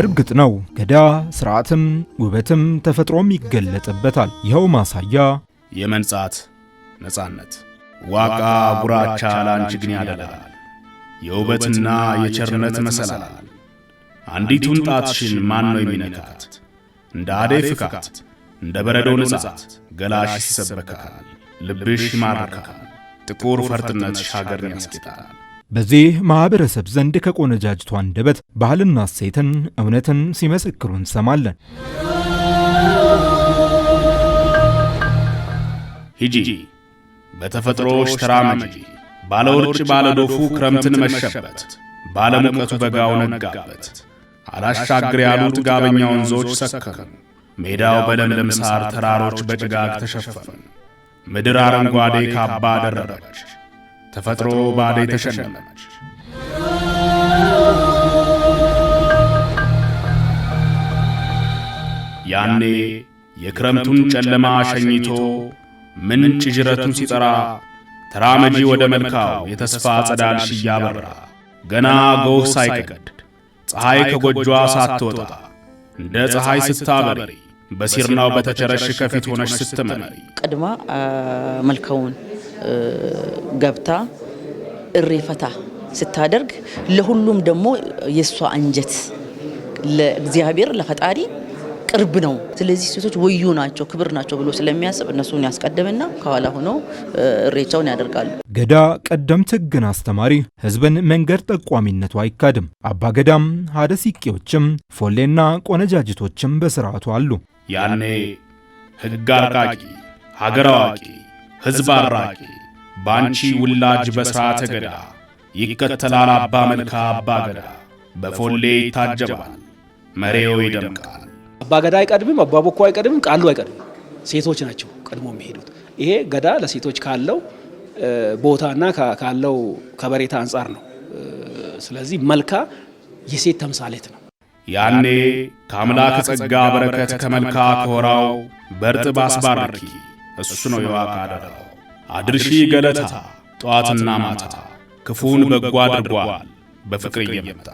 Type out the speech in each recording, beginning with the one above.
እርግጥ ነው ገዳ ስርዓትም ውበትም ተፈጥሮም ይገለጥበታል። ይኸው ማሳያ የመንጻት ነጻነት ዋቃ ቡራቻ ላንቺ ግን ያደላል የውበትና የቸርነት መሰላል። አንዲቱን ጣትሽን ማን ነው የሚነካት? እንደ አደይ ፍካት፣ እንደ በረዶ ንጻት ገላሽ ይሰበካል። ልብሽ ይማርካል፣ ጥቁር ፈርጥነትሽ ሀገርን ያስጌጣል። በዚህ ማኅበረሰብ ዘንድ ከቆነጃጅቷ አንደበት ባህልና እሴትን፣ እውነትን ሲመሰክሩ እንሰማለን። ሂጂ በተፈጥሮሽ ተራመጂ፣ ባለ ውርጭ ባለ ዶፉ ክረምትን መሸበት፣ ባለ ሙቀቱ በጋው ነጋበት። አላሻግር ያሉ ጥጋበኛ ወንዞች ሰከኑ፣ ሜዳው በለምለም ሳር፣ ተራሮች በጭጋግ ተሸፈኑ። ምድር አረንጓዴ ካባ አደረረች። ተፈጥሮ ባዴ ተሸለመች። ያኔ የክረምቱን ጨለማ ሸኝቶ ምንጭ ጅረቱን ሲጠራ ተራመጂ ወደ መልካው የተስፋ ጸዳል ሽያበራ ገና ጎህ ሳይቀድ ፀሐይ ከጎጇ ሳትወጣ እንደ ፀሐይ ስታበሪ በሲርናው በተቸረሽ ከፊት ሆነሽ ስትመሪ ቀድማ መልከውን ገብታ እሬፈታ ስታደርግ ለሁሉም ደግሞ የእሷ አንጀት ለእግዚአብሔር ለፈጣሪ ቅርብ ነው። ስለዚህ ሴቶች ወዩ ናቸው፣ ክብር ናቸው ብሎ ስለሚያስብ እነሱን ያስቀድምና ከኋላ ሆኖ እሬቻውን ያደርጋሉ። ገዳ ቀደምት ሕግን አስተማሪ፣ ሕዝብን መንገድ ጠቋሚነቱ አይካድም። አባ ገዳም ሀደ ሲቄዎችም ፎሌና ቆነጃጅቶችም በስርዓቱ አሉ። ያኔ ሕግ አርቃቂ፣ ሀገር አዋቂ፣ ሕዝብ አራቂ ባንቺ ውላጅ በሥርዓተ ገዳ ይከተላል አባ መልካ አባ ገዳ በፎሌ ይታጀባል መሬው ይደምቃል። አባ ገዳ አይቀድምም፣ አባ ቦኮ አይቀድምም፣ ቃሉ አይቀድምም። ሴቶች ናቸው ቀድሞ የሚሄዱት። ይሄ ገዳ ለሴቶች ካለው ቦታና ካለው ከበሬታ አንጻር ነው። ስለዚህ መልካ የሴት ተምሳሌት ነው። ያኔ ከአምላክ ጸጋ በረከት ከመልካ ኮራው በርጥብ አስባርኪ እሱ ነው የዋቃ አደራው አድርሺ ገለታ ጠዋትና ማታ ክፉን በጎ አድርጓል በፍቅር እየመጣ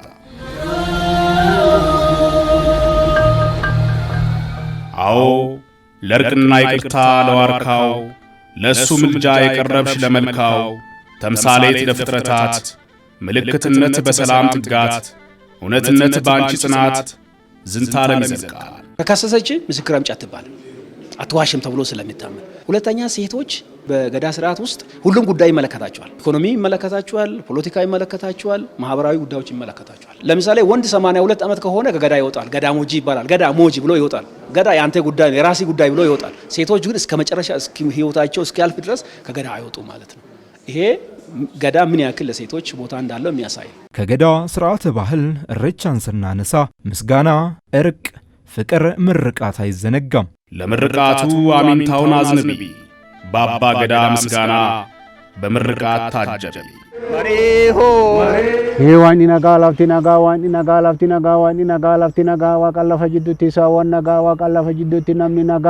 አዎ ለእርቅና ይቅርታ ለዋርካው ለእሱ ምልጃ የቀረብሽ ለመልካው ተምሳሌት ለፍጥረታት ምልክትነት በሰላም ጥጋት እውነትነት በአንቺ ጽናት ዝንታለም ይዘልቃል። ከከሰሰች ምስክር አምጪ አትባልም፣ አትዋሽም ተብሎ ስለሚታመን። ሁለተኛ ሴቶች በገዳ ስርዓት ውስጥ ሁሉም ጉዳይ ይመለከታቸዋል። ኢኮኖሚ ይመለከታቸዋል፣ ፖለቲካ ይመለከታቸዋል፣ ማህበራዊ ጉዳዮች ይመለከታቸዋል። ለምሳሌ ወንድ 82 ዓመት ከሆነ ከገዳ ይወጣል። ገዳ ሞጂ ይባላል። ገዳ ሞጂ ብሎ ይወጣል። ገዳ የአንተ ጉዳይ ነው፣ የራሴ ጉዳይ ብሎ ይወጣል። ሴቶች ግን እስከ መጨረሻ ህይወታቸው እስኪያልፍ ድረስ ከገዳ አይወጡ ማለት ነው። ይሄ ገዳ ምን ያክል ለሴቶች ቦታ እንዳለው የሚያሳይ ከገዳ ስርዓተ ባህል እሬቻን ስናነሳ ምስጋና፣ እርቅ፣ ፍቅር፣ ምርቃት አይዘነጋም። ለምርቃቱ አሚንታውን አዝንቢ፣ በአባ ገዳ ምስጋና በምርቃት ታጀቢ። ዋኒ ነጋ ላፍቲ ነጋ ዋኒ ነጋ ላፍቲ ነጋ ዋኒ ነጋ ላፍቲ ነጋ ዋቃላፈ ጅዱቲ ሳዋን ነጋ ዋቃላፈ ጅዱቲ ነጋ